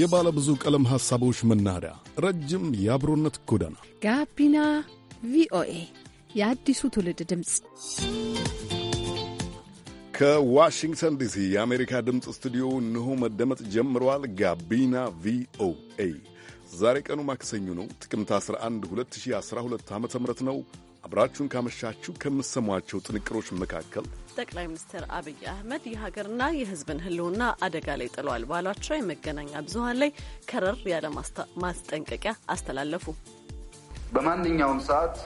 የባለ ብዙ ቀለም ሐሳቦች መናኸሪያ፣ ረጅም የአብሮነት ጎዳና፣ ጋቢና ቪኦኤ የአዲሱ ትውልድ ድምፅ ከዋሽንግተን ዲሲ የአሜሪካ ድምፅ ስቱዲዮ እንሆ መደመጥ ጀምረዋል። ጋቢና ቪኦኤ ዛሬ ቀኑ ማክሰኞ ነው፣ ጥቅምት 11 2012 ዓ ም ነው። አብራችሁን ካመሻችሁ ከምትሰሟቸው ጥንቅሮች መካከል ጠቅላይ ሚኒስትር አብይ አህመድ የሀገርና የሕዝብን ህልውና አደጋ ላይ ጥለዋል ባሏቸው የመገናኛ ብዙሀን ላይ ከረር ያለ ማስጠንቀቂያ አስተላለፉ። በማንኛውም ሰዓት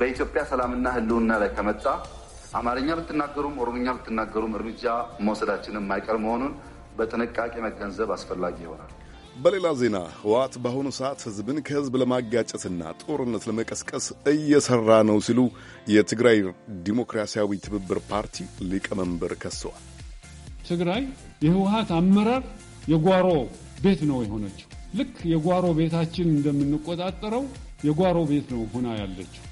በኢትዮጵያ ሰላምና ህልውና ላይ ከመጣ አማርኛ ብትናገሩም ኦሮምኛ ብትናገሩም እርምጃ መውሰዳችን የማይቀር መሆኑን በጥንቃቄ መገንዘብ አስፈላጊ ይሆናል። በሌላ ዜና ህወሓት በአሁኑ ሰዓት ህዝብን ከህዝብ ለማጋጨትና ጦርነት ለመቀስቀስ እየሰራ ነው ሲሉ የትግራይ ዲሞክራሲያዊ ትብብር ፓርቲ ሊቀመንበር ከሰዋል። ትግራይ የህወሓት አመራር የጓሮ ቤት ነው የሆነችው። ልክ የጓሮ ቤታችን እንደምንቆጣጠረው የጓሮ ቤት ነው ሆና ያለችው።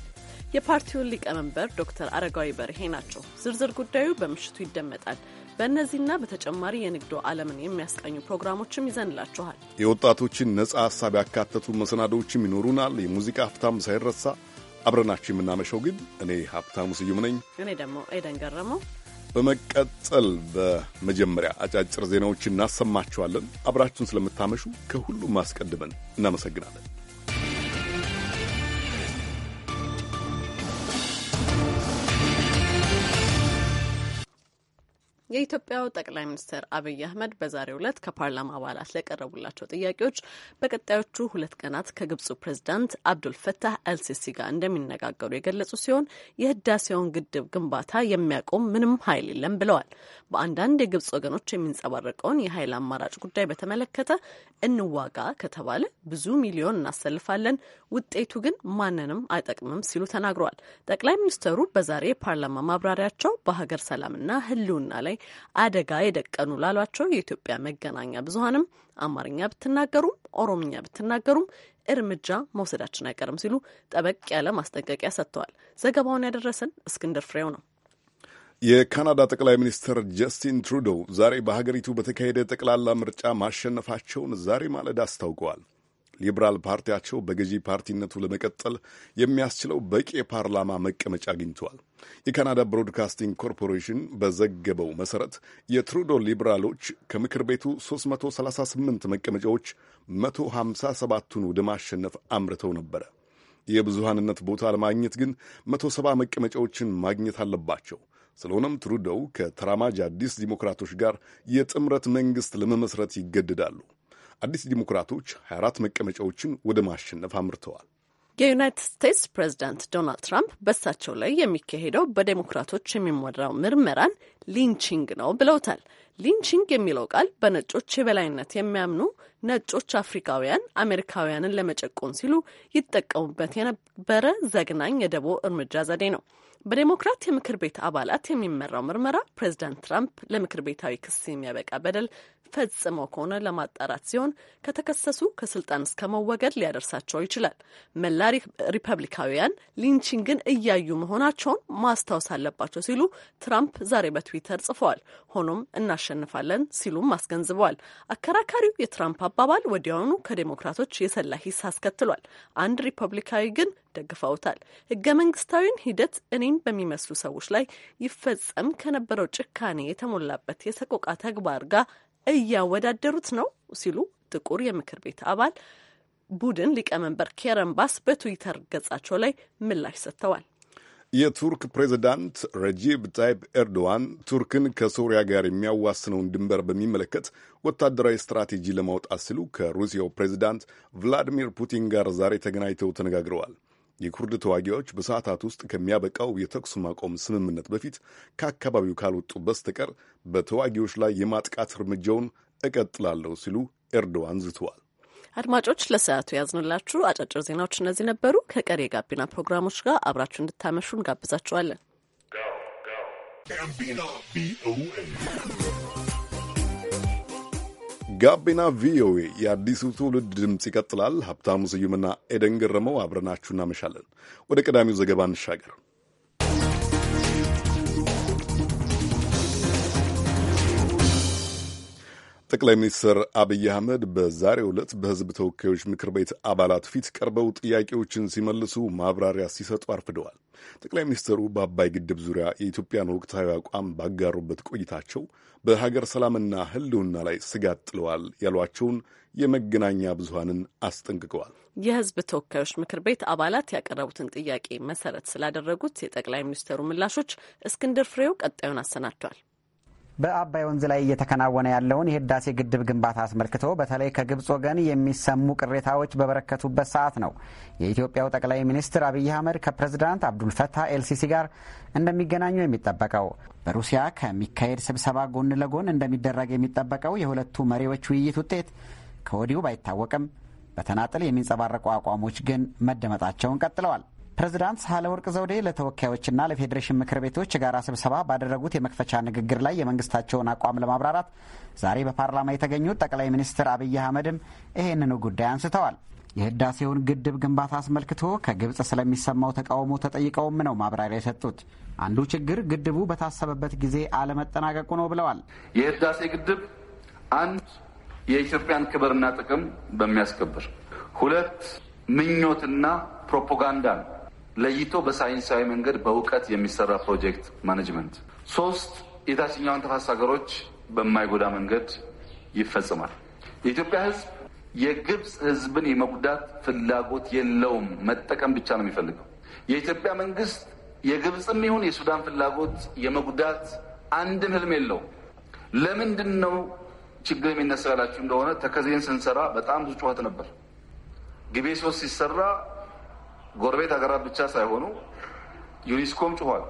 የፓርቲውን ሊቀመንበር ዶክተር አረጋዊ በርሄ ናቸው። ዝርዝር ጉዳዩ በምሽቱ ይደመጣል። በእነዚህና በተጨማሪ የንግዱ ዓለምን የሚያስቃኙ ፕሮግራሞችም ይዘንላችኋል። የወጣቶችን ነጻ ሀሳብ ያካተቱ መሰናዶዎችም ይኖሩናል። የሙዚቃ ሀብታም ሳይረሳ አብረናችሁ የምናመሸው ግን እኔ ሀብታሙ ስዩም ነኝ። እኔ ደግሞ ኤደን ገረመው። በመቀጠል በመጀመሪያ አጫጭር ዜናዎችን እናሰማችኋለን። አብራችሁን ስለምታመሹ ከሁሉም አስቀድመን እናመሰግናለን። የኢትዮጵያው ጠቅላይ ሚኒስትር አብይ አህመድ በዛሬው ዕለት ከፓርላማ አባላት ለቀረቡላቸው ጥያቄዎች በቀጣዮቹ ሁለት ቀናት ከግብፁ ፕሬዚዳንት አብዱልፈታህ አልሲሲ ጋር እንደሚነጋገሩ የገለጹ ሲሆን የህዳሴውን ግድብ ግንባታ የሚያቆም ምንም ኃይል የለም ብለዋል። በአንዳንድ የግብፅ ወገኖች የሚንጸባረቀውን የኃይል አማራጭ ጉዳይ በተመለከተ እንዋጋ ከተባለ ብዙ ሚሊዮን እናሰልፋለን፣ ውጤቱ ግን ማንንም አይጠቅምም ሲሉ ተናግረዋል። ጠቅላይ ሚኒስትሩ በዛሬ የፓርላማ ማብራሪያቸው በሀገር ሰላምና ህልውና ላይ አደጋ የደቀኑ ላሏቸው የኢትዮጵያ መገናኛ ብዙሀንም አማርኛ ብትናገሩም ኦሮምኛ ብትናገሩም እርምጃ መውሰዳችን አይቀርም ሲሉ ጠበቅ ያለ ማስጠንቀቂያ ሰጥተዋል። ዘገባውን ያደረሰን እስክንድር ፍሬው ነው። የካናዳ ጠቅላይ ሚኒስትር ጀስቲን ትሩዶ ዛሬ በሀገሪቱ በተካሄደ ጠቅላላ ምርጫ ማሸነፋቸውን ዛሬ ማለዳ አስታውቀዋል። ሊብራል ፓርቲያቸው በገዢ ፓርቲነቱ ለመቀጠል የሚያስችለው በቂ የፓርላማ መቀመጫ አግኝተዋል። የካናዳ ብሮድካስቲንግ ኮርፖሬሽን በዘገበው መሠረት የትሩዶ ሊብራሎች ከምክር ቤቱ 338 መቀመጫዎች 157ቱን ወደ ማሸነፍ አምርተው ነበረ። የብዙሃንነት ቦታ ለማግኘት ግን 170 መቀመጫዎችን ማግኘት አለባቸው። ስለሆነም ትሩዶው ከተራማጅ አዲስ ዲሞክራቶች ጋር የጥምረት መንግሥት ለመመስረት ይገድዳሉ። አዲስ ዲሞክራቶች 24 መቀመጫዎችን ወደ ማሸነፍ አምርተዋል። የዩናይትድ ስቴትስ ፕሬዚዳንት ዶናልድ ትራምፕ በእሳቸው ላይ የሚካሄደው በዴሞክራቶች የሚመራው ምርመራን ሊንቺንግ ነው ብለውታል። ሊንቺንግ የሚለው ቃል በነጮች የበላይነት የሚያምኑ ነጮች አፍሪካውያን አሜሪካውያንን ለመጨቆን ሲሉ ይጠቀሙበት የነበረ ዘግናኝ የደቦ እርምጃ ዘዴ ነው። በዴሞክራት የምክር ቤት አባላት የሚመራው ምርመራ ፕሬዚዳንት ትራምፕ ለምክር ቤታዊ ክስ የሚያበቃ በደል ፈጽመው ከሆነ ለማጣራት ሲሆን ከተከሰሱ ከስልጣን እስከ መወገድ ሊያደርሳቸው ይችላል። መላ ሪፐብሊካውያን ሊንቺንግን እያዩ መሆናቸውን ማስታወስ አለባቸው ሲሉ ትራምፕ ዛሬ በትዊተር ጽፈዋል። ሆኖም እናሸንፋለን ሲሉም አስገንዝበዋል። አከራካሪው የትራምፕ አባባል ወዲያውኑ ከዴሞክራቶች የሰላ ሂስ አስከትሏል። አንድ ሪፐብሊካዊ ግን ደግፈውታል። ህገ መንግስታዊን ሂደት እኔን በሚመስሉ ሰዎች ላይ ይፈጸም ከነበረው ጭካኔ የተሞላበት የሰቆቃ ተግባር ጋር እያወዳደሩት ነው ሲሉ ጥቁር የምክር ቤት አባል ቡድን ሊቀመንበር ኬረን ባስ በትዊተር ገጻቸው ላይ ምላሽ ሰጥተዋል። የቱርክ ፕሬዚዳንት ረጂብ ታይፕ ኤርዶዋን ቱርክን ከሶሪያ ጋር የሚያዋስነውን ድንበር በሚመለከት ወታደራዊ ስትራቴጂ ለማውጣት ሲሉ ከሩሲያው ፕሬዚዳንት ቭላዲሚር ፑቲን ጋር ዛሬ ተገናኝተው ተነጋግረዋል። የኩርድ ተዋጊዎች በሰዓታት ውስጥ ከሚያበቃው የተኩስ ማቆም ስምምነት በፊት ከአካባቢው ካልወጡ በስተቀር በተዋጊዎች ላይ የማጥቃት እርምጃውን እቀጥላለሁ ሲሉ ኤርዶዋን ዝተዋል። አድማጮች ለሰዓቱ ያዝንላችሁ አጫጭር ዜናዎች እነዚህ ነበሩ። ከቀሪ የጋቢና ፕሮግራሞች ጋር አብራችሁ እንድታመሹ እንጋብዛችኋለን። ጋቢና ቪኦኤ የአዲሱ ትውልድ ድምፅ ይቀጥላል። ሀብታሙ ስዩምና ኤደን ገረመው አብረናችሁ እናመሻለን። ወደ ቀዳሚው ዘገባ እንሻገር። ጠቅላይ ሚኒስትር አብይ አህመድ በዛሬው ዕለት በህዝብ ተወካዮች ምክር ቤት አባላት ፊት ቀርበው ጥያቄዎችን ሲመልሱ ማብራሪያ ሲሰጡ አርፍደዋል። ጠቅላይ ሚኒስትሩ በአባይ ግድብ ዙሪያ የኢትዮጵያን ወቅታዊ አቋም ባጋሩበት ቆይታቸው በሀገር ሰላምና ህልውና ላይ ስጋት ጥለዋል ያሏቸውን የመገናኛ ብዙሀንን አስጠንቅቀዋል። የህዝብ ተወካዮች ምክር ቤት አባላት ያቀረቡትን ጥያቄ መሰረት ስላደረጉት የጠቅላይ ሚኒስትሩ ምላሾች እስክንድር ፍሬው ቀጣዩን አሰናድቷል። በአባይ ወንዝ ላይ እየተከናወነ ያለውን የህዳሴ ግድብ ግንባታ አስመልክቶ በተለይ ከግብፅ ወገን የሚሰሙ ቅሬታዎች በበረከቱበት ሰዓት ነው የኢትዮጵያው ጠቅላይ ሚኒስትር አብይ አህመድ ከፕሬዝዳንት አብዱልፈታህ ኤልሲሲ ጋር እንደሚገናኙ የሚጠበቀው። በሩሲያ ከሚካሄድ ስብሰባ ጎን ለጎን እንደሚደረግ የሚጠበቀው የሁለቱ መሪዎች ውይይት ውጤት ከወዲሁ ባይታወቅም በተናጥል የሚንጸባረቁ አቋሞች ግን መደመጣቸውን ቀጥለዋል። ፕሬዝዳንት ሳህለወርቅ ዘውዴ ለተወካዮችና ለፌዴሬሽን ምክር ቤቶች የጋራ ስብሰባ ባደረጉት የመክፈቻ ንግግር ላይ የመንግስታቸውን አቋም ለማብራራት ዛሬ በፓርላማ የተገኙት ጠቅላይ ሚኒስትር አብይ አህመድም ይህንኑ ጉዳይ አንስተዋል። የህዳሴውን ግድብ ግንባታ አስመልክቶ ከግብፅ ስለሚሰማው ተቃውሞ ተጠይቀውም ነው ማብራሪያ የሰጡት። አንዱ ችግር ግድቡ በታሰበበት ጊዜ አለመጠናቀቁ ነው ብለዋል። የህዳሴ ግድብ አንድ የኢትዮጵያን ክብርና ጥቅም በሚያስከብር ሁለት ምኞትና ፕሮፓጋንዳ ነው። ለይቶ በሳይንሳዊ መንገድ በእውቀት የሚሰራ ፕሮጀክት ማኔጅመንት። ሶስት የታችኛውን ተፋሰስ ሀገሮች በማይጎዳ መንገድ ይፈጽማል። የኢትዮጵያ ህዝብ የግብፅ ህዝብን የመጉዳት ፍላጎት የለውም። መጠቀም ብቻ ነው የሚፈልገው። የኢትዮጵያ መንግስት የግብፅም ይሁን የሱዳን ፍላጎት የመጉዳት አንድም ህልም የለው። ለምንድን ነው ችግር የሚነሳላችሁ እንደሆነ ተከዜን ስንሰራ በጣም ብዙ ጩኸት ነበር። ግቤ ሶስት ሲሰራ ጎረቤት ሀገራት ብቻ ሳይሆኑ ዩኒስኮም ጩኋል።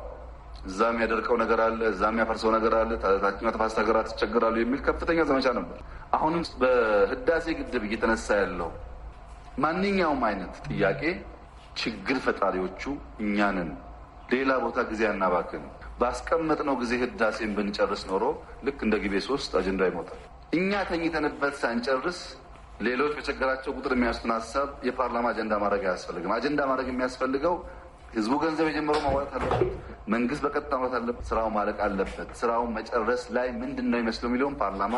እዛ የሚያደርቀው ነገር አለ፣ እዛ የሚያፈርሰው ነገር አለ፣ ታችኛው ተፋሰስ ሀገራት ይቸግራሉ የሚል ከፍተኛ ዘመቻ ነበር። አሁንም በህዳሴ ግድብ እየተነሳ ያለው ማንኛውም አይነት ጥያቄ ችግር ፈጣሪዎቹ እኛንን ሌላ ቦታ ጊዜ አናባክን። ባስቀመጥነው ጊዜ ህዳሴን ብንጨርስ ኖሮ ልክ እንደ ጊቤ ሶስት አጀንዳ ይሞታል። እኛ ተኝተንበት ሳንጨርስ ሌሎች በቸገራቸው ቁጥር የሚያስቱን ሀሳብ የፓርላማ አጀንዳ ማድረግ አያስፈልግም። አጀንዳ ማድረግ የሚያስፈልገው ህዝቡ ገንዘብ የጀመረው ማዋጣት አለበት። መንግስት በቀጥታ ማዋጣት አለበት። ስራው ማለቅ አለበት። ስራውን መጨረስ ላይ ምንድን ነው ይመስለው የሚለውን ፓርላማ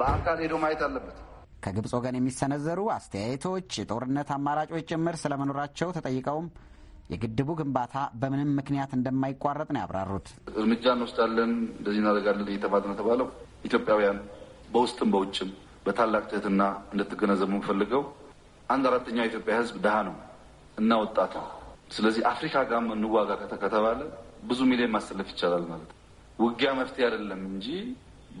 በአካል ሄዶ ማየት አለበት። ከግብፅ ወገን የሚሰነዘሩ አስተያየቶች የጦርነት አማራጮች ጭምር ስለመኖራቸው ተጠይቀውም የግድቡ ግንባታ በምንም ምክንያት እንደማይቋረጥ ነው ያብራሩት። እርምጃ እንወስዳለን፣ እንደዚህ እናደርጋለን እየተባለ ነው የተባለው ኢትዮጵያውያን በውስጥም በውጭም በታላቅ ትህትና እንድትገነዘቡ ምፈልገው አንድ አራተኛው የኢትዮጵያ ህዝብ ድሃ ነው እና ወጣት ነው። ስለዚህ አፍሪካ ጋርም እንዋጋ ከተባለ ብዙ ሚሊዮን ማሰለፍ ይቻላል ማለት ነው። ውጊያ መፍትሄ አይደለም እንጂ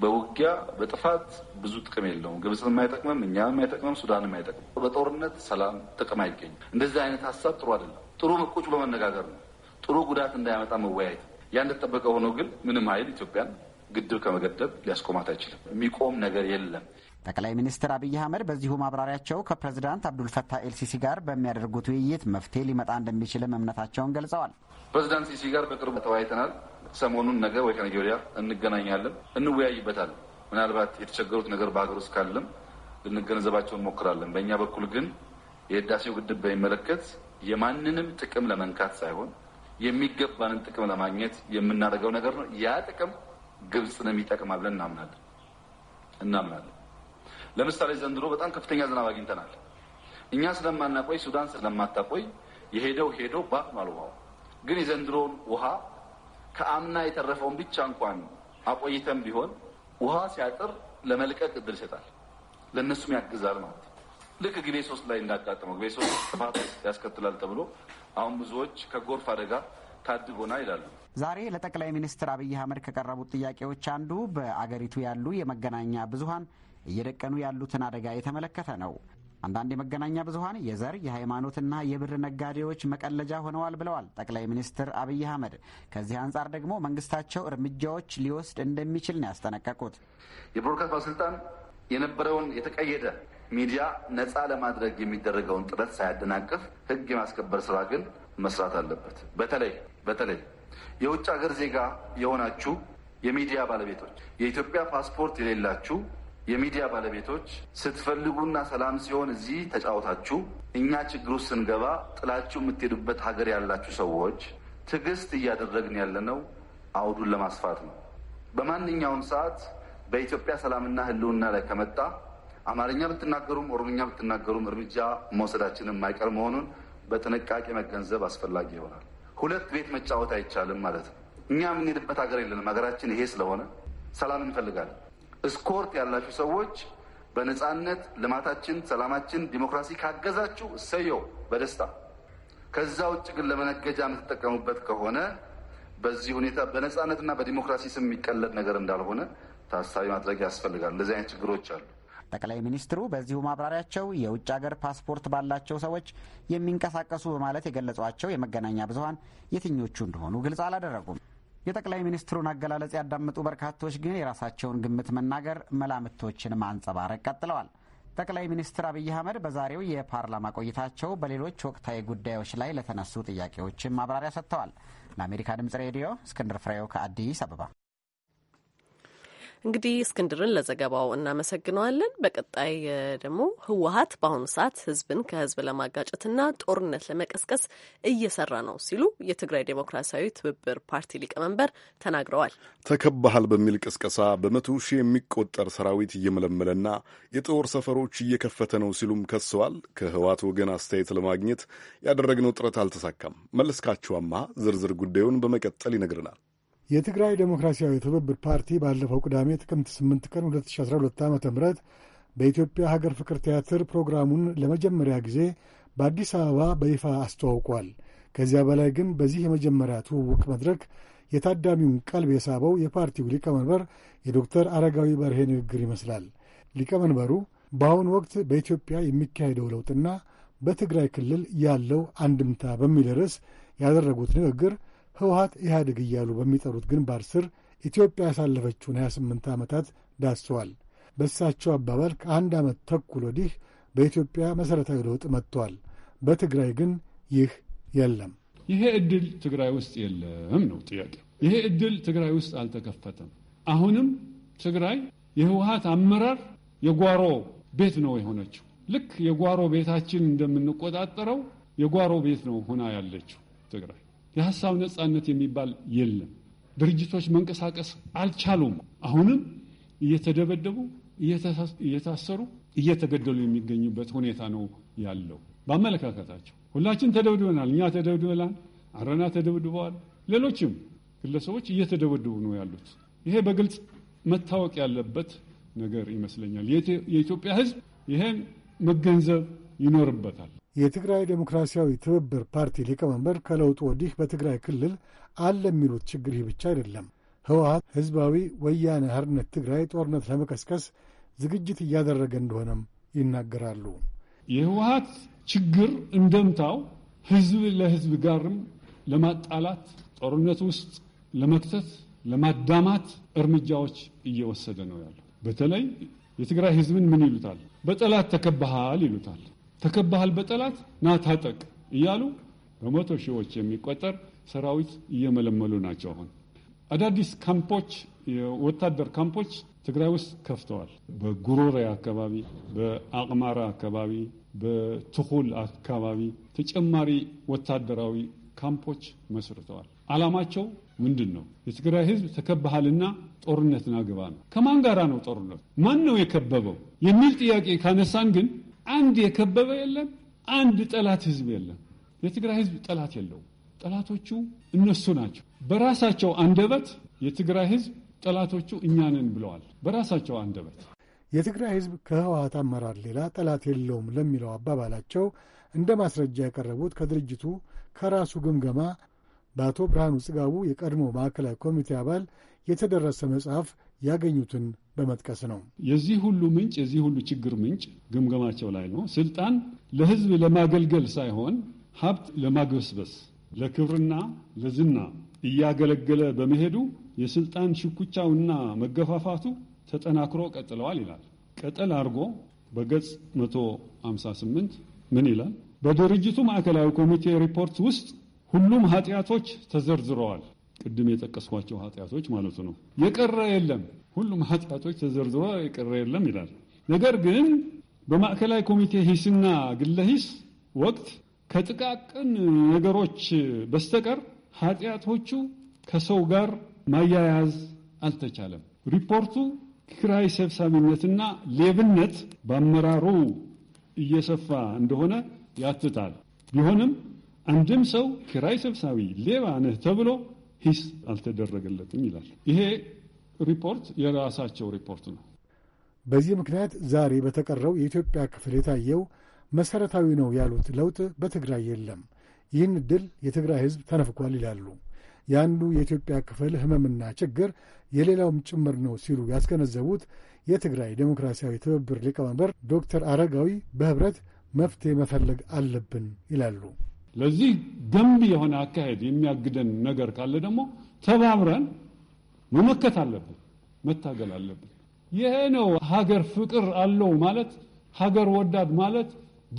በውጊያ በጥፋት ብዙ ጥቅም የለውም። ግብፅን የማይጠቅመም እኛም የማይጠቅመም ሱዳንም የማይጠቅመም በጦርነት ሰላም ጥቅም አይገኝም። እንደዚህ አይነት ሀሳብ ጥሩ አይደለም። ጥሩ መቆጭ በመነጋገር ነው። ጥሩ ጉዳት እንዳያመጣ መወያየት። ያ እንደተጠበቀ ሆኖ ግን ምንም ኃይል ኢትዮጵያን ግድብ ከመገደብ ሊያስቆማት አይችልም። የሚቆም ነገር የለም። ጠቅላይ ሚኒስትር አብይ አህመድ በዚሁ ማብራሪያቸው ከፕሬዝዳንት አብዱልፈታህ ኤልሲሲ ጋር በሚያደርጉት ውይይት መፍትሄ ሊመጣ እንደሚችልም እምነታቸውን ገልጸዋል። ፕሬዚዳንት ሲሲ ጋር በቅርቡ ተወያይተናል። ሰሞኑን ነገ ወይ ከነገ ወዲያ እንገናኛለን፣ እንወያይበታል። ምናልባት የተቸገሩት ነገር በሀገር ውስጥ ካለም ልንገነዘባቸው እንሞክራለን። በእኛ በኩል ግን የህዳሴው ግድብ በሚመለከት የማንንም ጥቅም ለመንካት ሳይሆን የሚገባንን ጥቅም ለማግኘት የምናደርገው ነገር ነው። ያ ጥቅም ግብፅንም ይጠቅማል ብለን እናምናለን እናምናለን ለምሳሌ ዘንድሮ በጣም ከፍተኛ ዝናብ አግኝተናል። እኛ ስለማናቆይ ሱዳን ስለማታቆይ የሄደው ሄደው ባፍ ማልዋው ግን የዘንድሮን ውሃ ከአምና የተረፈውን ብቻ እንኳን አቆይተን ቢሆን ውሃ ሲያጥር ለመልቀቅ እድል ይሰጣል፣ ለእነሱም ያግዛል ማለት ነው። ልክ ግቤ ሶስት ላይ እንዳጋጠመው ግቤ ሶስት ጥፋት ያስከትላል ተብሎ አሁን ብዙዎች ከጎርፍ አደጋ ታድጎና ይላሉ። ዛሬ ለጠቅላይ ሚኒስትር አብይ አህመድ ከቀረቡት ጥያቄዎች አንዱ በአገሪቱ ያሉ የመገናኛ ብዙሀን እየደቀኑ ያሉትን አደጋ የተመለከተ ነው። አንዳንድ የመገናኛ ብዙኃን የዘር የሃይማኖትና የብር ነጋዴዎች መቀለጃ ሆነዋል ብለዋል ጠቅላይ ሚኒስትር አብይ አህመድ። ከዚህ አንጻር ደግሞ መንግስታቸው እርምጃዎች ሊወስድ እንደሚችል ነው ያስጠነቀቁት። የብሮድካስት ባለስልጣን የነበረውን የተቀየደ ሚዲያ ነፃ ለማድረግ የሚደረገውን ጥረት ሳያደናቅፍ ህግ የማስከበር ስራ ግን መስራት አለበት። በተለይ በተለይ የውጭ ሀገር ዜጋ የሆናችሁ የሚዲያ ባለቤቶች የኢትዮጵያ ፓስፖርት የሌላችሁ የሚዲያ ባለቤቶች ስትፈልጉና ሰላም ሲሆን እዚህ ተጫወታችሁ፣ እኛ ችግሩ ስንገባ ጥላችሁ የምትሄዱበት ሀገር ያላችሁ ሰዎች ትዕግስት እያደረግን ያለነው አውዱን ለማስፋት ነው። በማንኛውም ሰዓት በኢትዮጵያ ሰላምና ሕልውና ላይ ከመጣ አማርኛ ብትናገሩም ኦሮምኛ ብትናገሩም እርምጃ መውሰዳችን የማይቀር መሆኑን በጥንቃቄ መገንዘብ አስፈላጊ ይሆናል። ሁለት ቤት መጫወት አይቻልም ማለት ነው። እኛ የምንሄድበት ሀገር የለንም። ሀገራችን ይሄ ስለሆነ ሰላም እንፈልጋለን። እስኮርት ያላችሁ ሰዎች በነፃነት ልማታችን፣ ሰላማችን፣ ዲሞክራሲ ካገዛችሁ እሰየው በደስታ ከዛ ውጭ ግን ለመነገጃ የምትጠቀሙበት ከሆነ በዚህ ሁኔታ በነፃነትና በዲሞክራሲ ስም የሚቀለድ ነገር እንዳልሆነ ታሳቢ ማድረግ ያስፈልጋል። እንደዚህ አይነት ችግሮች አሉ። ጠቅላይ ሚኒስትሩ በዚሁ ማብራሪያቸው የውጭ ሀገር ፓስፖርት ባላቸው ሰዎች የሚንቀሳቀሱ በማለት የገለጿቸው የመገናኛ ብዙኃን የትኞቹ እንደሆኑ ግልጽ አላደረጉም። የጠቅላይ ሚኒስትሩን አገላለጽ ያዳመጡ በርካቶች ግን የራሳቸውን ግምት መናገር፣ መላምቶችን ማንጸባረቅ ቀጥለዋል። ጠቅላይ ሚኒስትር አብይ አህመድ በዛሬው የፓርላማ ቆይታቸው በሌሎች ወቅታዊ ጉዳዮች ላይ ለተነሱ ጥያቄዎችን ማብራሪያ ሰጥተዋል። ለአሜሪካ ድምጽ ሬዲዮ እስክንድር ፍሬው ከአዲስ አበባ እንግዲህ እስክንድርን ለዘገባው እናመሰግነዋለን። በቀጣይ ደግሞ ህወሀት በአሁኑ ሰዓት ህዝብን ከህዝብ ለማጋጨትና ጦርነት ለመቀስቀስ እየሰራ ነው ሲሉ የትግራይ ዴሞክራሲያዊ ትብብር ፓርቲ ሊቀመንበር ተናግረዋል። ተከባሃል በሚል ቅስቀሳ በመቶ ሺህ የሚቆጠር ሰራዊት እየመለመለና የጦር ሰፈሮች እየከፈተ ነው ሲሉም ከሰዋል። ከህወሀት ወገን አስተያየት ለማግኘት ያደረግነው ጥረት አልተሳካም። መለስካቸው አማሃ ዝርዝር ጉዳዩን በመቀጠል ይነግርናል። የትግራይ ዴሞክራሲያዊ ትብብር ፓርቲ ባለፈው ቅዳሜ ጥቅምት 8 ቀን 2012 ዓ ም በኢትዮጵያ ሀገር ፍቅር ቲያትር ፕሮግራሙን ለመጀመሪያ ጊዜ በአዲስ አበባ በይፋ አስተዋውቋል። ከዚያ በላይ ግን በዚህ የመጀመሪያ ትውውቅ መድረክ የታዳሚውን ቀልብ የሳበው የፓርቲው ሊቀመንበር የዶክተር አረጋዊ በርሄ ንግግር ይመስላል። ሊቀመንበሩ በአሁኑ ወቅት በኢትዮጵያ የሚካሄደው ለውጥና በትግራይ ክልል ያለው አንድምታ በሚል ርዕስ ያደረጉት ንግግር ህወሀት ኢህአዴግ እያሉ በሚጠሩት ግንባር ስር ኢትዮጵያ ያሳለፈችውን 28 ዓመታት ዳስሰዋል። በእሳቸው አባባል ከአንድ ዓመት ተኩል ወዲህ በኢትዮጵያ መሠረታዊ ለውጥ መጥቷል። በትግራይ ግን ይህ የለም። ይሄ እድል ትግራይ ውስጥ የለም ነው ጥያቄ። ይሄ እድል ትግራይ ውስጥ አልተከፈተም። አሁንም ትግራይ የህወሀት አመራር የጓሮ ቤት ነው የሆነችው። ልክ የጓሮ ቤታችን እንደምንቆጣጠረው የጓሮ ቤት ነው ሆና ያለችው ትግራይ የሀሳብ ነጻነት የሚባል የለም። ድርጅቶች መንቀሳቀስ አልቻሉም። አሁንም እየተደበደቡ፣ እየታሰሩ፣ እየተገደሉ የሚገኙበት ሁኔታ ነው ያለው። በአመለካከታቸው ሁላችን ተደብድበናል። እኛ ተደብድበናል፣ አረና ተደብድበዋል፣ ሌሎችም ግለሰቦች እየተደበደቡ ነው ያሉት። ይሄ በግልጽ መታወቅ ያለበት ነገር ይመስለኛል። የኢትዮጵያ ሕዝብ ይሄን መገንዘብ ይኖርበታል። የትግራይ ዴሞክራሲያዊ ትብብር ፓርቲ ሊቀመንበር ከለውጡ ወዲህ በትግራይ ክልል አለ የሚሉት ችግር ይህ ብቻ አይደለም። ህወሀት ህዝባዊ ወያነ ሓርነት ትግራይ ጦርነት ለመቀስቀስ ዝግጅት እያደረገ እንደሆነም ይናገራሉ። የህወሀት ችግር እንደምታው ህዝብ ለህዝብ ጋርም ለማጣላት ጦርነት ውስጥ ለመክተት ለማዳማት እርምጃዎች እየወሰደ ነው ያለው። በተለይ የትግራይ ህዝብን ምን ይሉታል? በጠላት ተከባሃል ይሉታል። ተከባሃል በጠላት ና ታጠቅ እያሉ በመቶ ሺዎች የሚቆጠር ሰራዊት እየመለመሉ ናቸው። አሁን አዳዲስ ካምፖች፣ የወታደር ካምፖች ትግራይ ውስጥ ከፍተዋል። በጉሮሬ አካባቢ፣ በአቅማራ አካባቢ፣ በትሁል አካባቢ ተጨማሪ ወታደራዊ ካምፖች መስርተዋል። ዓላማቸው ምንድን ነው? የትግራይ ህዝብ ተከባሃልና ጦርነትና ግባ ነው። ከማን ጋራ ነው ጦርነት? ማን ነው የከበበው? የሚል ጥያቄ ካነሳን ግን አንድ የከበበ የለም፣ አንድ ጠላት ህዝብ የለም። የትግራይ ህዝብ ጠላት የለውም። ጠላቶቹ እነሱ ናቸው። በራሳቸው አንደበት የትግራይ ህዝብ ጠላቶቹ እኛ ነን ብለዋል። በራሳቸው አንደበት የትግራይ ህዝብ ከህወሀት አመራር ሌላ ጠላት የለውም ለሚለው አባባላቸው እንደ ማስረጃ ያቀረቡት ከድርጅቱ ከራሱ ግምገማ በአቶ ብርሃኑ ጽጋቡ የቀድሞ ማዕከላዊ ኮሚቴ አባል የተደረሰ መጽሐፍ ያገኙትን በመጥቀስ ነው። የዚህ ሁሉ ምንጭ የዚህ ሁሉ ችግር ምንጭ ግምገማቸው ላይ ነው። ስልጣን ለህዝብ ለማገልገል ሳይሆን ሀብት ለማግበስበስ ለክብርና ለዝና እያገለገለ በመሄዱ የስልጣን ሽኩቻውና መገፋፋቱ ተጠናክሮ ቀጥለዋል ይላል። ቀጠል አድርጎ በገጽ 158 ምን ይላል? በድርጅቱ ማዕከላዊ ኮሚቴ ሪፖርት ውስጥ ሁሉም ኃጢአቶች ተዘርዝረዋል። ቅድም የጠቀስኳቸው ኃጢአቶች ማለቱ ነው። የቀረ የለም ሁሉም ኃጢአቶች ተዘርዝሮ የቀረ የለም ይላል። ነገር ግን በማዕከላዊ ኮሚቴ ሂስና ግለ ሂስ ወቅት ከጥቃቅን ነገሮች በስተቀር ኃጢአቶቹ ከሰው ጋር ማያያዝ አልተቻለም። ሪፖርቱ ክራይ ሰብሳቢነትና ሌብነት በአመራሩ እየሰፋ እንደሆነ ያትታል። ቢሆንም አንድም ሰው ክራይ ሰብሳቢ ሌባ ነህ ተብሎ ሂስ አልተደረገለትም ይላል። ይሄ ሪፖርት የራሳቸው ሪፖርት ነው። በዚህ ምክንያት ዛሬ በተቀረው የኢትዮጵያ ክፍል የታየው መሠረታዊ ነው ያሉት ለውጥ በትግራይ የለም። ይህን ድል የትግራይ ሕዝብ ተነፍጓል ይላሉ። የአንዱ የኢትዮጵያ ክፍል ህመምና ችግር የሌላውም ጭምር ነው ሲሉ ያስገነዘቡት የትግራይ ዴሞክራሲያዊ ትብብር ሊቀመንበር ዶክተር አረጋዊ በህብረት መፍትሄ መፈለግ አለብን ይላሉ። ለዚህ ገንቢ የሆነ አካሄድ የሚያግደን ነገር ካለ ደግሞ ተባብረን መመከት አለብን፣ መታገል አለብን። ይሄ ነው ሀገር ፍቅር አለው ማለት፣ ሀገር ወዳድ ማለት፣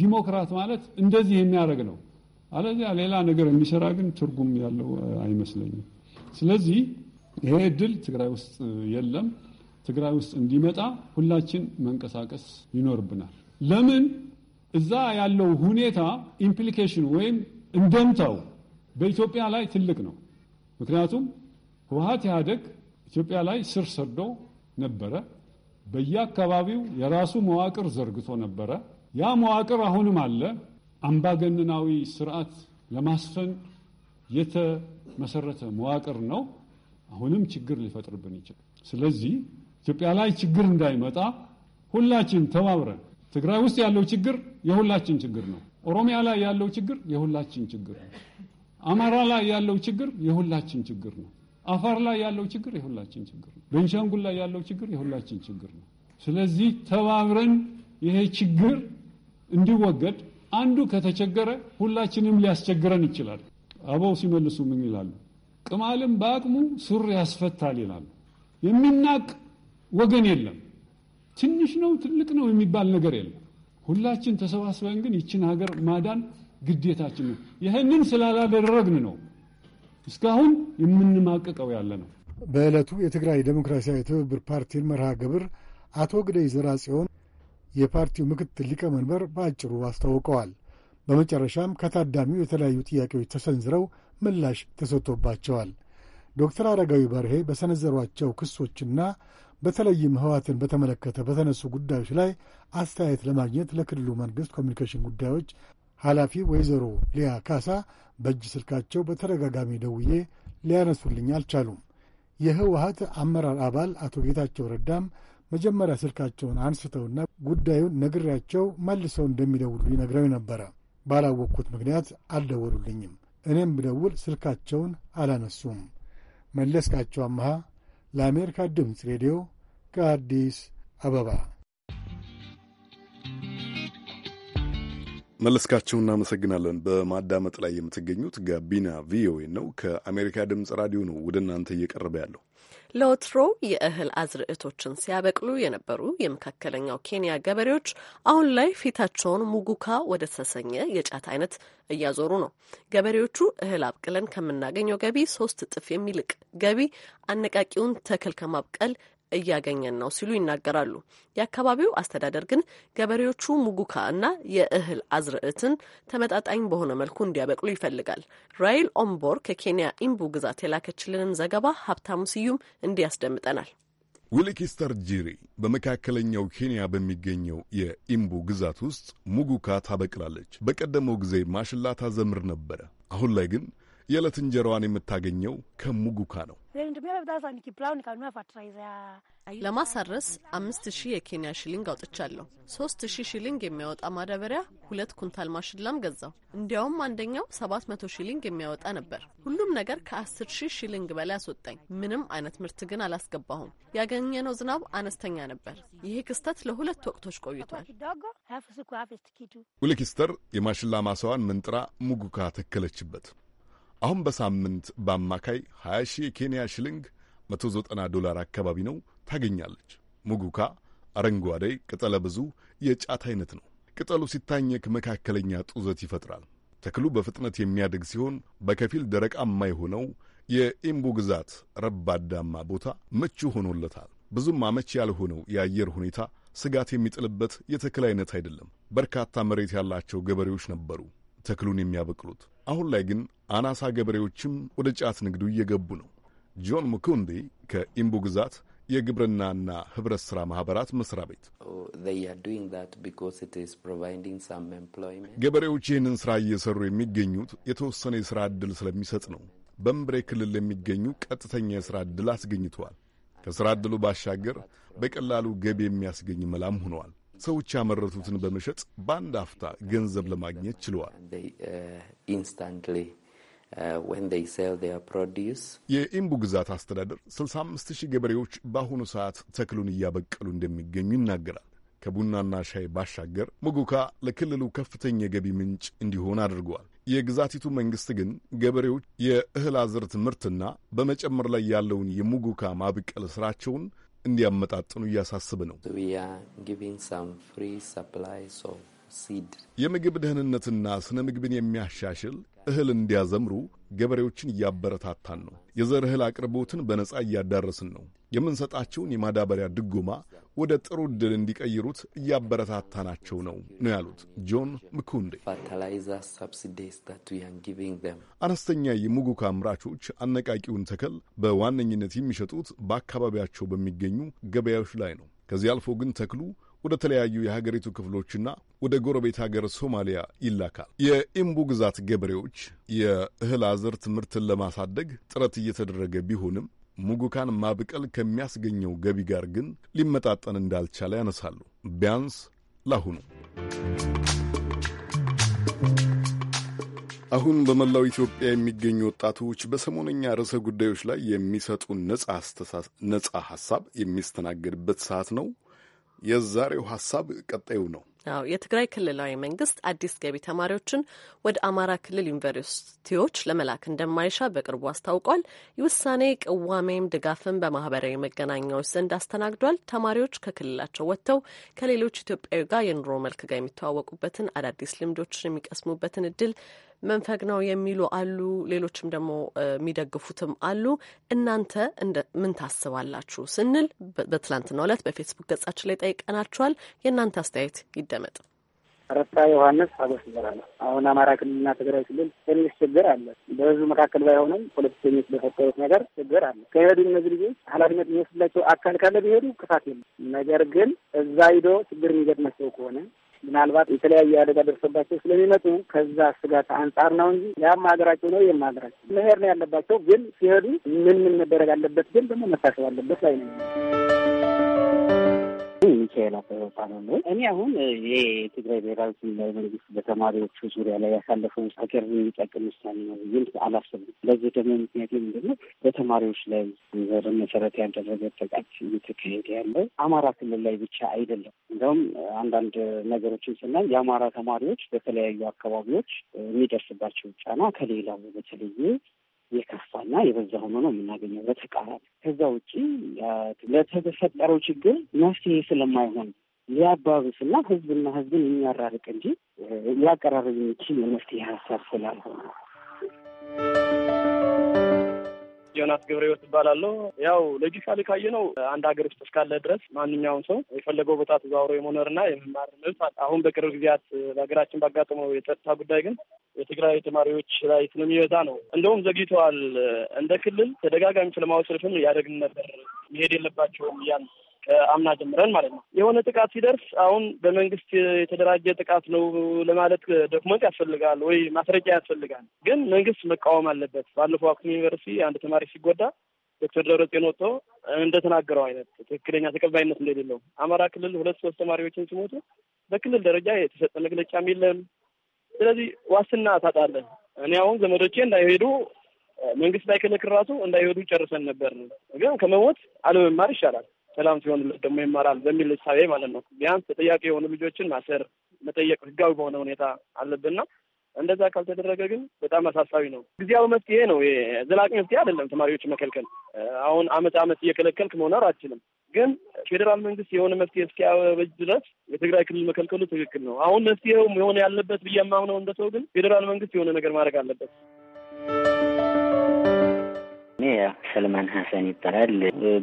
ዲሞክራት ማለት እንደዚህ የሚያደርግ ነው። አለዚያ ሌላ ነገር የሚሰራ ግን ትርጉም ያለው አይመስለኝም። ስለዚህ ይሄ እድል ትግራይ ውስጥ የለም። ትግራይ ውስጥ እንዲመጣ ሁላችን መንቀሳቀስ ይኖርብናል። ለምን እዛ ያለው ሁኔታ ኢምፕሊኬሽን ወይም እንደምታው በኢትዮጵያ ላይ ትልቅ ነው። ምክንያቱም ህወሀት ኢህአደግ ኢትዮጵያ ላይ ስር ሰዶ ነበረ። በየአካባቢው የራሱ መዋቅር ዘርግቶ ነበረ። ያ መዋቅር አሁንም አለ። አምባገነናዊ ስርዓት ለማስፈን የተመሰረተ መዋቅር ነው። አሁንም ችግር ሊፈጥርብን ይችላል። ስለዚህ ኢትዮጵያ ላይ ችግር እንዳይመጣ ሁላችን ተባብረን ትግራይ ውስጥ ያለው ችግር የሁላችን ችግር ነው። ኦሮሚያ ላይ ያለው ችግር የሁላችን ችግር ነው። አማራ ላይ ያለው ችግር የሁላችን ችግር ነው። አፋር ላይ ያለው ችግር የሁላችን ችግር ነው። ቤንሻንጉል ላይ ያለው ችግር የሁላችን ችግር ነው። ስለዚህ ተባብረን ይሄ ችግር እንዲወገድ አንዱ ከተቸገረ ሁላችንም ሊያስቸግረን ይችላል። አበው ሲመልሱ ምን ይላሉ? ቅማልም በአቅሙ ሱሪ ያስፈታል ይላሉ። የሚናቅ ወገን የለም። ትንሽ ነው ትልቅ ነው የሚባል ነገር የለም። ሁላችን ተሰባስበን ግን ይችን ሀገር ማዳን ግዴታችን ነው። ይህንን ስላላደረግን ነው እስካሁን የምንማቀቀው ያለ ነው። በዕለቱ የትግራይ ዴሞክራሲያዊ ትብብር ፓርቲን መርሃ ግብር አቶ ግደይ ዘራ የፓርቲው ምክትል ሊቀመንበር በአጭሩ አስታውቀዋል። በመጨረሻም ከታዳሚው የተለያዩ ጥያቄዎች ተሰንዝረው ምላሽ ተሰጥቶባቸዋል። ዶክተር አረጋዊ በርሄ በሰነዘሯቸው ክሶችና በተለይም ህወሓትን በተመለከተ በተነሱ ጉዳዮች ላይ አስተያየት ለማግኘት ለክልሉ መንግስት ኮሚኒኬሽን ጉዳዮች ኃላፊ ወይዘሮ ሊያ ካሳ በእጅ ስልካቸው በተደጋጋሚ ደውዬ ሊያነሱልኝ አልቻሉም። የህወሀት አመራር አባል አቶ ጌታቸው ረዳም መጀመሪያ ስልካቸውን አንስተውና ጉዳዩን ነግሬያቸው መልሰው እንደሚደውሉ ይነግረው ነበረ። ባላወቅኩት ምክንያት አልደወሉልኝም። እኔም ብደውል ስልካቸውን አላነሱም። መለስካቸው አመሃ ለአሜሪካ ድምፅ ሬዲዮ ከአዲስ አበባ መለስካቸው እናመሰግናለን። በማዳመጥ ላይ የምትገኙት ጋቢና ቪኦኤ ነው። ከአሜሪካ ድምፅ ራዲዮ ነው ወደ እናንተ እየቀረበ ያለው። ለወትሮ የእህል አዝርዕቶችን ሲያበቅሉ የነበሩ የመካከለኛው ኬንያ ገበሬዎች አሁን ላይ ፊታቸውን ሙጉካ ወደ ተሰኘ የጫት አይነት እያዞሩ ነው። ገበሬዎቹ እህል አብቅለን ከምናገኘው ገቢ ሶስት እጥፍ የሚልቅ ገቢ አነቃቂውን ተክል ከማብቀል እያገኘን ነው ሲሉ ይናገራሉ። የአካባቢው አስተዳደር ግን ገበሬዎቹ ሙጉካ እና የእህል አዝርዕትን ተመጣጣኝ በሆነ መልኩ እንዲያበቅሉ ይፈልጋል። ራይል ኦምቦር ከኬንያ ኢምቡ ግዛት የላከችልንን ዘገባ ሀብታሙ ስዩም እንዲያስደምጠናል። ያስደምጠናል። ዊልኪስተር ጂሪ በመካከለኛው ኬንያ በሚገኘው የኢምቡ ግዛት ውስጥ ሙጉካ ታበቅላለች። በቀደመው ጊዜ ማሽላ ታዘምር ነበረ። አሁን ላይ ግን የዕለት እንጀራዋን የምታገኘው ከሙጉካ ነው። ለማሳረስ አምስት ሺህ የኬንያ ሽሊንግ አውጥቻለሁ። ሶስት ሺህ ሽሊንግ የሚያወጣ ማዳበሪያ ሁለት ኩንታል ማሽላም ገዛው። እንዲያውም አንደኛው ሰባት መቶ ሺሊንግ የሚያወጣ ነበር። ሁሉም ነገር ከአስር ሺህ ሽሊንግ በላይ አስወጣኝ። ምንም አይነት ምርት ግን አላስገባሁም። ያገኘነው ዝናብ አነስተኛ ነበር። ይሄ ክስተት ለሁለት ወቅቶች ቆይቷል። ውልኪስተር የማሽላ ማሳዋን ምንጥራ ሙጉካ ተከለችበት። አሁን በሳምንት በአማካይ 20 ሺህ የኬንያ ሽልንግ 190 ዶላር አካባቢ ነው ታገኛለች። ሙጉካ አረንጓዴ ቅጠለ ብዙ የጫት አይነት ነው። ቅጠሉ ሲታኘክ መካከለኛ ጡዘት ይፈጥራል። ተክሉ በፍጥነት የሚያድግ ሲሆን በከፊል ደረቃማ የሆነው የኢምቡ ግዛት ረባዳማ ቦታ ምቹ ሆኖለታል። ብዙም አመች ያልሆነው የአየር ሁኔታ ስጋት የሚጥልበት የተክል አይነት አይደለም። በርካታ መሬት ያላቸው ገበሬዎች ነበሩ ተክሉን የሚያበቅሉት። አሁን ላይ ግን አናሳ ገበሬዎችም ወደ ጫት ንግዱ እየገቡ ነው። ጆን ሙኩንዲ ከኢምቡ ግዛት የግብርናና ህብረት ስራ ማህበራት መስሪያ ቤት ገበሬዎች ይህንን ስራ እየሰሩ የሚገኙት የተወሰነ የስራ ዕድል ስለሚሰጥ ነው። በምብሬ ክልል የሚገኙ ቀጥተኛ የስራ ዕድል አስገኝተዋል። ከስራ ዕድሉ ባሻገር በቀላሉ ገቢ የሚያስገኝ መላም ሆነዋል። ሰዎች ያመረቱትን በመሸጥ በአንድ አፍታ ገንዘብ ለማግኘት ችለዋል። የኢምቡ ግዛት አስተዳደር 65 ሺህ ገበሬዎች በአሁኑ ሰዓት ተክሉን እያበቀሉ እንደሚገኙ ይናገራል። ከቡናና ሻይ ባሻገር ሞጎካ ለክልሉ ከፍተኛ የገቢ ምንጭ እንዲሆን አድርገዋል። የግዛቲቱ መንግስት ግን ገበሬዎች የእህል አዝርት ምርትና በመጨመር ላይ ያለውን የሙጎካ ማብቀል ስራቸውን እንዲያመጣጥኑ እያሳስብ ነው። የምግብ ደህንነትና ስነ ምግብን የሚያሻሽል እህል እንዲያዘምሩ ገበሬዎችን እያበረታታን ነው። የዘር እህል አቅርቦትን በነጻ እያዳረስን ነው። የምንሰጣቸውን የማዳበሪያ ድጎማ ወደ ጥሩ ዕድል እንዲቀይሩት እያበረታታናቸው ነው ነው ያሉት ጆን ምኩንዴ። አነስተኛ የሙጉካ አምራቾች አነቃቂውን ተክል በዋነኝነት የሚሸጡት በአካባቢያቸው በሚገኙ ገበያዎች ላይ ነው። ከዚህ አልፎ ግን ተክሉ ወደ ተለያዩ የሀገሪቱ ክፍሎችና ወደ ጎረቤት ሀገር ሶማሊያ ይላካል። የኢምቡ ግዛት ገበሬዎች የእህል አዝርት ምርትን ለማሳደግ ጥረት እየተደረገ ቢሆንም ሙጉካን ማብቀል ከሚያስገኘው ገቢ ጋር ግን ሊመጣጠን እንዳልቻለ ያነሳሉ። ቢያንስ ላሁኑ። አሁን በመላው ኢትዮጵያ የሚገኙ ወጣቶች በሰሞነኛ ርዕሰ ጉዳዮች ላይ የሚሰጡ ነጻ ሀሳብ የሚስተናገድበት ሰዓት ነው። የዛሬው ሀሳብ ቀጣዩ ነው። አዎ የትግራይ ክልላዊ መንግስት አዲስ ገቢ ተማሪዎችን ወደ አማራ ክልል ዩኒቨርሲቲዎች ለመላክ እንደማይሻ በቅርቡ አስታውቋል። የውሳኔ ቅዋሜም ድጋፍን በማህበራዊ መገናኛዎች ዘንድ አስተናግዷል። ተማሪዎች ከክልላቸው ወጥተው ከሌሎች ኢትዮጵያዊ ጋር የኑሮ መልክ ጋር የሚተዋወቁበትን አዳዲስ ልምዶችን የሚቀስሙበትን እድል መንፈቅ ነው የሚሉ አሉ፣ ሌሎችም ደግሞ የሚደግፉትም አሉ። እናንተ ምን ታስባላችሁ ስንል በትላንትናው ዕለት በፌስቡክ ገጻችን ላይ ጠይቀናችኋል። የእናንተ አስተያየት ይደመጥ። ረታ ዮሐንስ አጎስ ይበራለ። አሁን አማራ ክልልና ትግራይ ክልል ትንሽ ችግር አለ። በህዝቡ መካከል ባይሆንም ፖለቲከኞች በፈጠሩት ነገር ችግር አለ። ከሄዱ እነዚህ ልጆች ኃላፊነት የሚወስድላቸው አካል ካለ ቢሄዱ ክፋት የለም። ነገር ግን እዛ ሂዶ ችግር የሚገጥማቸው ከሆነ ምናልባት የተለያየ አደጋ ደርሰባቸው ስለሚመጡ ከዛ ስጋት አንጻር ነው እንጂ ያም ሀገራቸው ነው ይም ሀገራቸው መሄድ ነው ያለባቸው። ግን ሲሄዱ ምን ምን መደረግ አለበት ግን ደግሞ መታሰብ አለበት ላይ ነው። የላቀ ህይወታ ነው። እኔ አሁን ይሄ የትግራይ ብሔራዊ ክልላዊ መንግስት በተማሪዎቹ ዙሪያ ላይ ያሳለፈው ሀገር የሚጠቅም ውሳኔ ነው ይም አላስብም። ለዚህ ደግሞ ምክንያቱ ነው? በተማሪዎች ላይ ዘር መሰረት ያደረገ ጥቃት እየተካሄደ ያለው አማራ ክልል ላይ ብቻ አይደለም። እንደውም አንዳንድ ነገሮችን ስናይ የአማራ ተማሪዎች በተለያዩ አካባቢዎች የሚደርስባቸው ጫና ከሌላው በተለየ የከፋና የበዛ ሆኖ ነው የምናገኘው በተቃራኒ። ከዛ ውጭ ለተፈጠረው ችግር መፍትሄ ስለማይሆን ሊያባብስና ህዝብና ህዝብን የሚያራርቅ እንጂ ሊያቀራርብ የሚችል የመፍትሄ ሀሳብ ስላልሆነ ዮናስ ገብረሕይወት እባላለሁ። ያው ሎጂካሊ ካየነው አንድ ሀገር ውስጥ እስካለ ድረስ ማንኛውም ሰው የፈለገው ቦታ ተዘዋውሮ የመኖርና የመማር መብት አሁን በቅርብ ጊዜያት በሀገራችን ባጋጠመው የጸጥታ ጉዳይ ግን የትግራይ ተማሪዎች ላይ ስለሚበዛ ነው። እንደውም ዘግይተዋል። እንደ ክልል ተደጋጋሚ ስለማወሰልፍም ያደግን ነበር መሄድ የለባቸውም እያልን ከአምና ጀምረን ማለት ነው። የሆነ ጥቃት ሲደርስ አሁን በመንግስት የተደራጀ ጥቃት ነው ለማለት ዶክመንት ያስፈልጋል ወይ ማስረጃ ያስፈልጋል። ግን መንግስት መቃወም አለበት። ባለፈው አክሱም ዩኒቨርሲቲ አንድ ተማሪ ሲጎዳ ዶክተር ደብረጽዮን ወጥቶ እንደተናገረው አይነት ትክክለኛ ተቀባይነት እንደሌለው አማራ ክልል ሁለት ሶስት ተማሪዎችን ሲሞቱ በክልል ደረጃ የተሰጠ መግለጫም የለም። ስለዚህ ዋስትና ታጣለን። እኔ አሁን ዘመዶቼ እንዳይሄዱ መንግስት ላይ ከለክራቱ እንዳይሄዱ ጨርሰን ነበር ነው። ግን ከመሞት አለመማር ይሻላል። ሰላም ሲሆንለት ደግሞ ይማራል በሚል እሳቤ ማለት ነው። ቢያንስ ተጠያቂ የሆኑ ልጆችን ማሰር መጠየቅ ህጋዊ በሆነ ሁኔታ አለብንና እንደዛ ካልተደረገ ግን በጣም አሳሳቢ ነው። ጊዜያዊ መፍትሄ ነው፣ ዘላቂ መፍትሄ አይደለም። ተማሪዎች መከልከል አሁን አመት አመት እየከለከልክ መኖር አችልም። ግን ፌዴራል መንግስት የሆነ መፍትሄ እስኪያበጅ ድረስ የትግራይ ክልል መከልከሉ ትክክል ነው። አሁን መፍትሄው የሆነ ያለበት ብዬ የማምነው ግን ፌዴራል መንግስት የሆነ ነገር ማድረግ አለበት። እኔ ሰልማን ሀሰን ይባላል።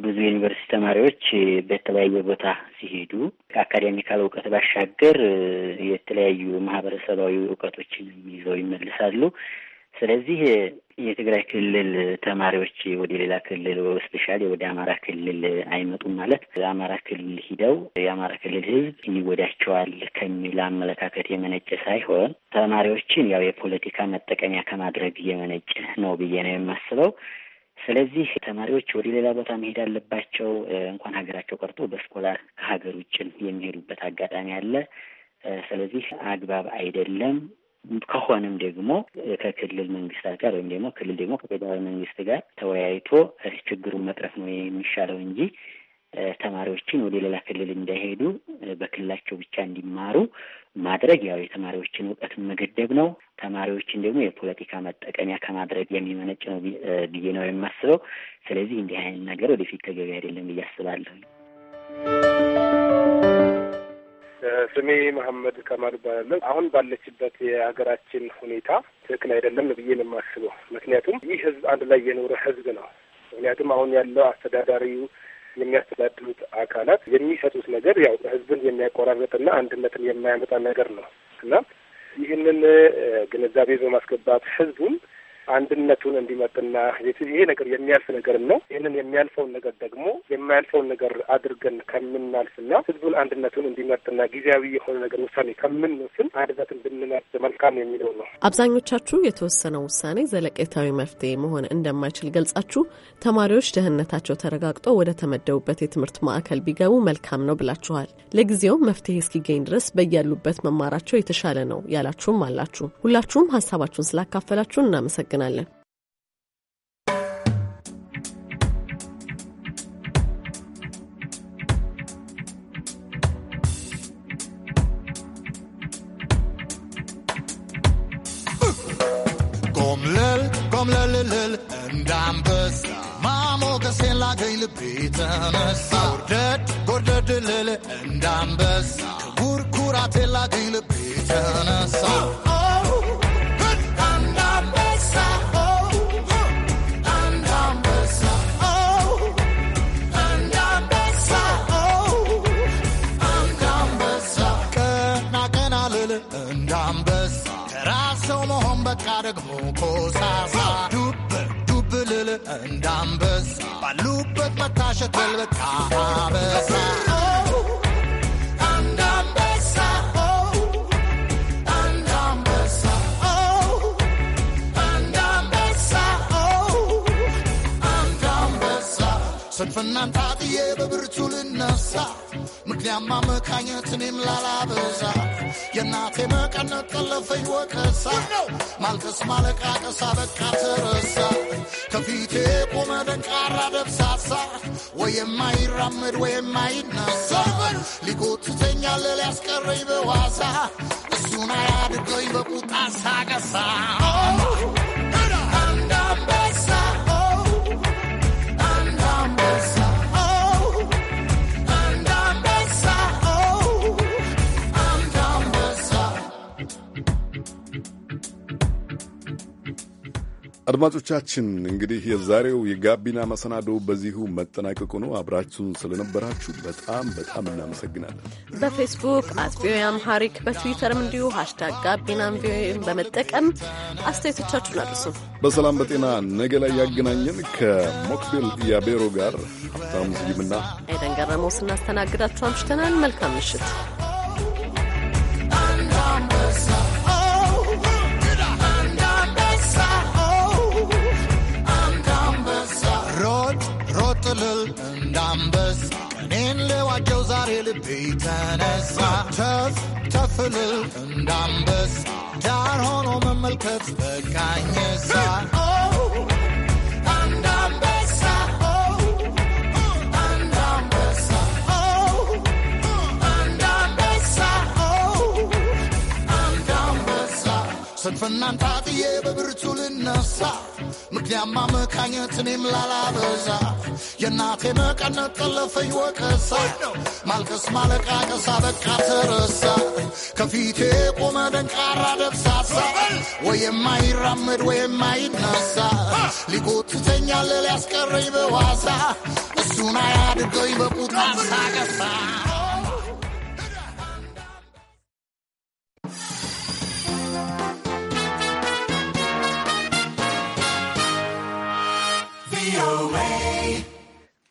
ብዙ ዩኒቨርሲቲ ተማሪዎች በተለያየ ቦታ ሲሄዱ ከአካዴሚካል እውቀት ባሻገር የተለያዩ ማህበረሰባዊ እውቀቶችን ይዘው ይመልሳሉ። ስለዚህ የትግራይ ክልል ተማሪዎች ወደ ሌላ ክልል ስፔሻሊ ወደ አማራ ክልል አይመጡም ማለት አማራ ክልል ሂደው የአማራ ክልል ሕዝብ ይወዳቸዋል ከሚል አመለካከት የመነጨ ሳይሆን ተማሪዎችን ያው የፖለቲካ መጠቀሚያ ከማድረግ የመነጨ ነው ብዬ ነው የማስበው። ስለዚህ ተማሪዎች ወደ ሌላ ቦታ መሄድ አለባቸው። እንኳን ሀገራቸው ቀርቶ በስኮላር ከሀገር ውጭ የሚሄዱበት አጋጣሚ አለ። ስለዚህ አግባብ አይደለም። ከሆነም ደግሞ ከክልል መንግስታት ጋር ወይም ደግሞ ክልል ደግሞ ከፌደራል መንግስት ጋር ተወያይቶ ችግሩን መቅረፍ ነው የሚሻለው እንጂ ተማሪዎችን ወደ ሌላ ክልል እንዳይሄዱ በክልላቸው ብቻ እንዲማሩ ማድረግ ያው የተማሪዎችን እውቀትን መገደብ ነው። ተማሪዎችን ደግሞ የፖለቲካ መጠቀሚያ ከማድረግ የሚመነጭ ነው ብዬ ነው የማስበው። ስለዚህ እንዲህ አይነት ነገር ወደፊት ተገቢ አይደለም ብዬ አስባለሁ። ስሜ መሐመድ ከማል እባላለሁ። አሁን ባለችበት የሀገራችን ሁኔታ ትክክል አይደለም ብዬ ነው የማስበው። ምክንያቱም ይህ ህዝብ አንድ ላይ የኖረ ህዝብ ነው። ምክንያቱም አሁን ያለው አስተዳዳሪው የሚያስተዳድሩት አካላት የሚሰጡት ነገር ያው ህዝብን የሚያቆራረጥና አንድነትን የማያመጣ ነገር ነው እና ይህንን ግንዛቤ በማስገባት ህዝቡን አንድነቱን እንዲመጥና ይሄ ነገር የሚያልፍ ነገርም ነው። ይህንን የሚያልፈውን ነገር ደግሞ የማያልፈውን ነገር አድርገን ከምናልፍና ህዝቡን አንድነቱን እንዲመጥና ጊዜያዊ የሆነ ነገር ውሳኔ ከምንወስን አንድነትን ብንመርጥ መልካም የሚለው ነው። አብዛኞቻችሁ የተወሰነው ውሳኔ ዘለቄታዊ መፍትሄ መሆን እንደማይችል ገልጻችሁ ተማሪዎች ደህንነታቸው ተረጋግጦ ወደ ተመደቡበት የትምህርት ማዕከል ቢገቡ መልካም ነው ብላችኋል። ለጊዜው መፍትሄ እስኪገኝ ድረስ በያሉበት መማራቸው የተሻለ ነው ያላችሁም አላችሁ። ሁላችሁም ሀሳባችሁን ስላካፈላችሁ እናመሰግናል። እናመሰግናለን። Gorda de lele and I'm best. Kurkura tella gile pitana sa. ደግሞ ኮሳሳ ዱብ ዱብ ልል እንዳንበሳ ባሉበት መታሸት በልበቃ እኒያማ መካኘት እኔም ላላበዛ የእናቴ መቀነት ጠለፈኝ ወቀሳ ማልቀስ ማለቃቀሳ በቃ ተረሳ ከፊቴ ቆመ ደንቃራ ደብሳሳ ወይ የማይራመድ ወይ የማይነሳ ሊጎትተኛል ሊያስቀረኝ በዋሳ እሱን አያድገኝ በቁጣ አድማጮቻችን እንግዲህ የዛሬው የጋቢና መሰናዶ በዚሁ መጠናቀቁ ነው። አብራችሁን ስለነበራችሁ በጣም በጣም እናመሰግናለን። በፌስቡክ አት ቪኦኤ አምሃሪክ በትዊተርም እንዲሁ ሀሽታግ ጋቢና ቪኦኤን በመጠቀም አስተያየቶቻችሁን አድርሱ። በሰላም በጤና ነገ ላይ ያገናኘን። ከሞክቤል ያቤሮ ጋር ሀብታሙ ስዩምና አይደን ገረመው ስናስተናግዳችሁ አምሽተናል። መልካም ምሽት። እንደምል እንዳንበስ እኔን ለዋጀው ዛሬ ልቤ ተነሳ ተፍ ተፍልል እንዳንበስ ዳር ሆኖ መመልከት በቃኝሳ ስንፍናን ታጥዬ በብርቱ ልነሳ ምክንያማ መካኘት እኔም ላላበዛ የእናቴ መቀነት ጠለፈኝ ወቀሳ ማልቀስ ማለቃቀሳ በቃ ተረሳ ከፊቴ ቆመ ደንቃራ ደብሳሳ ወይ የማይራመድ ወይ የማይነሳ ሊጎትተኛል ሊያስቀረኝ በዋሳ እሱን አያድርገኝ በቁጣ ሳቀሳ